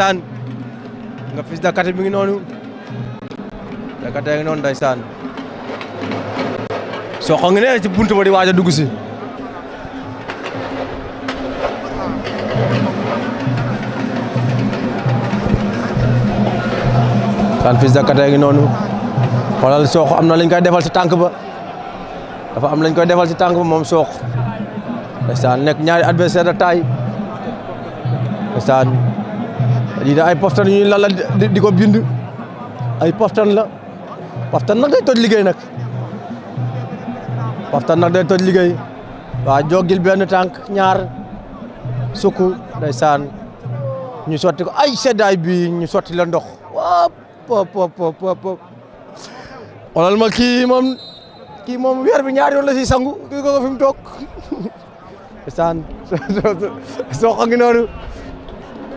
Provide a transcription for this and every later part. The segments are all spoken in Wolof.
ndeysaan nga Fils mi ngi noonu Katy a ngi noonu ndeysaan ne ci buntu ba di waaj a dugg si saan Fils de Katy a ngi am na lañ koy defal si tànk ba dafa am lañ koy defal si tànk ba moom Sokh ndeysaan nekk ñaari adversaire de taille ndeysaan lii da ay poftan yu ñuy di ko bind ay poftan la poftan nag day toj liggéey nag poftan nag day toj liggéey waaw joggil benn tànk ñaar sukk day saan ñu sotti ko ay seddaay bi ñu sotti la ndox wop pop pop pop xoolal ma kii moom kii moom weer bi ñaari yoon la si sangu kii ko fi mu toog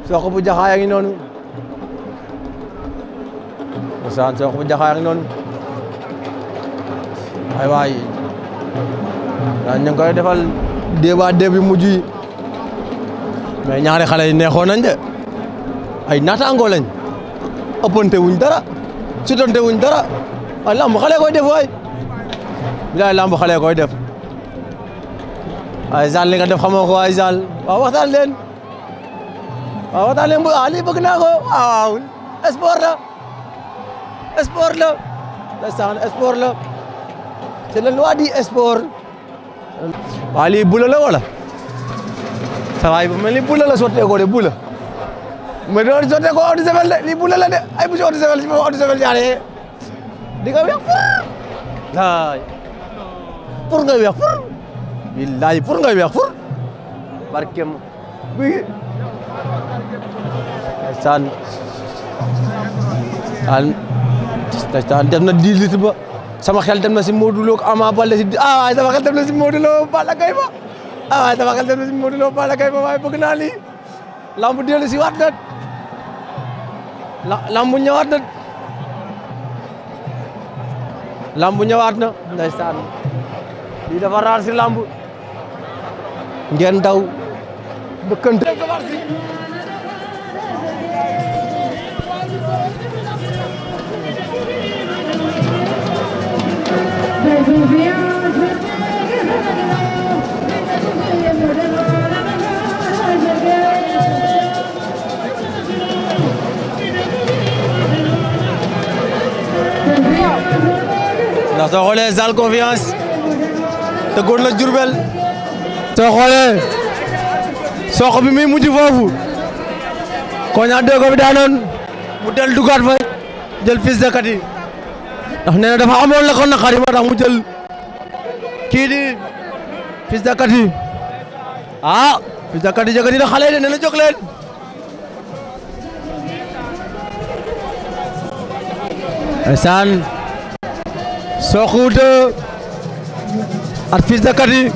sooko bu Jaxaay a ngi noonu ndeysaan ay waay ñu ngi koy defal débat déb yu mujj yi mais ñaari xale yi neexoon nañ de ay naataangoo lañ ëppante wuñ dara sutante wuñ dara ay lamb xale koy def waay bilaay lamb xale koy def ay Zal li nga def xamoo ko ay Zal waaw waxtaan leen Oh, waaw moo tax leen lii bëgg naa ko waaw sport la sport la ndeysaan sport la c'est la loi du sport waaw lii bula la wala sa waay ba mel ni bula la sottee ko de bula mais doon sottee ko eau lii bula la de ay bu ci eau de javel ci eau de javel jaaree di nga weex fur laay pour nga weex fur billaay pour nga saan saan dem na di ba sama xel dem na si Modou Lo Ama Baldé si ah waaye sama xel dem na si Modou Lo Balla Gaye ba ah waaye sama xel dem na si Modou Lo Balla Gaye ba waaye bëgg naa lii lamb dellu si waat na lamb ñëwaat na lamb ñëwaat na ndeysaan lii dafa si lamb ngeen daw bëkkante soo xoolee Zal confiance tëggoon na Diourbel soo bi muy mujj foofu Kogna dee ko daanoon mu del dugaat fa jël Fils de Katy ndax nee na dafa amoon la ko naqari moo tax mu jël kii di Fils de Katy ah na xale de nee na jóg leen Sokh 2 ak Fils de Katy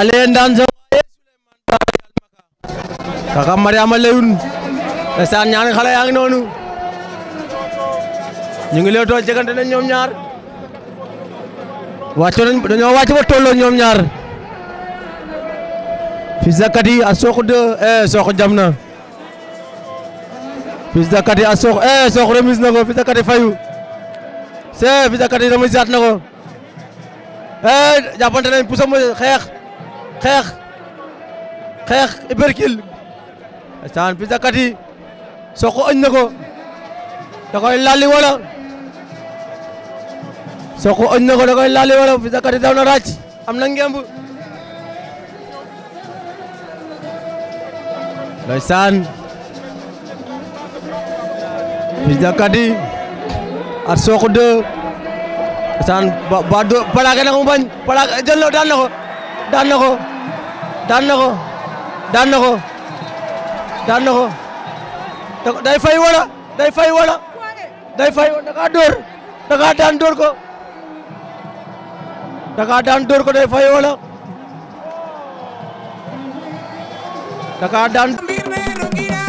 ale ndaan sowaye kaka Mariama Leyun esaan ñaari xale yaa ngi noonu ñu ngi leetoo jegante nañ ñoom ñaar wàcco nañ dañoo wàcc ba tolloo ñoom ñaar Fils de Katy ak eh, Sokh 2 eh jam na Fils de Katy ak Sokh eh Sokh remise na ko Fils de fayu see Fils de Katy remise at na ko eh jàppante nañ pousse mu xeex xeex iberkil saan Fils de Katy Sokh añ na ko da koy lalli wala Sokh añ na ko da koy lalli wala Fils de Katy na ràcc am na ngemb Fils de Kady ak Sokh 2 saan ba ba do Palaake nag mu bañ Palaake jël na daan na ko daan na ko daan na ko daan na ko day fay wala day fay wala day fay wala daan dóor day fay wala da kaa daan.